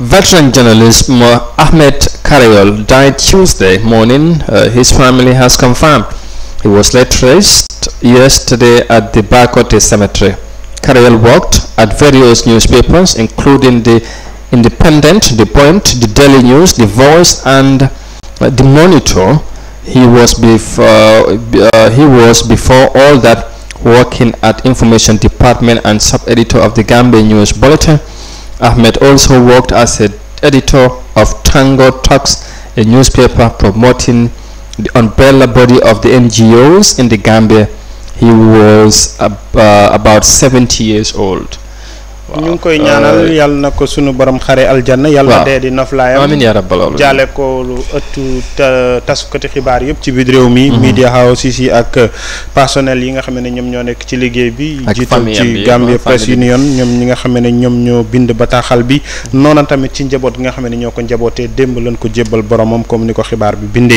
Veteran journalist Ahmed Karayol died Tuesday morning, uh, his family has confirmed. He was laid traced yesterday at the Bakote Cemetery. Karayol worked at various newspapers including the Independent, The Point, The Daily News, The Voice and uh, The Monitor. He was, before, uh, he was before all that working at Information Department and sub-editor of the Gambia News Bulletin Ahmed also worked as an editor of Tango Talks, a newspaper promoting the umbrella body of the NGOs in the Gambia. He was ab uh, about 70 years old. ñu ngi koy ñaanal euh, yàlla na ko suñu borom xare aljanna yàlla na dee di noflaayam amiin yaa rabbal jaale ko lu ëttu tasukati xibaar yëpp ci biir réew mi mhm. media house yi ak personnel yi nga xam ne ñoom ñoo nekk ci liggéey bi jiital ci Gambia Press Union ñoom ñi nga xam ne ñoom ñoo bind bataaxal bi noona tamit ci njaboot gi nga xam ne ñoo ko njabootee démb lañ ko jébbal boromam comme ni ko xibaar bi bindee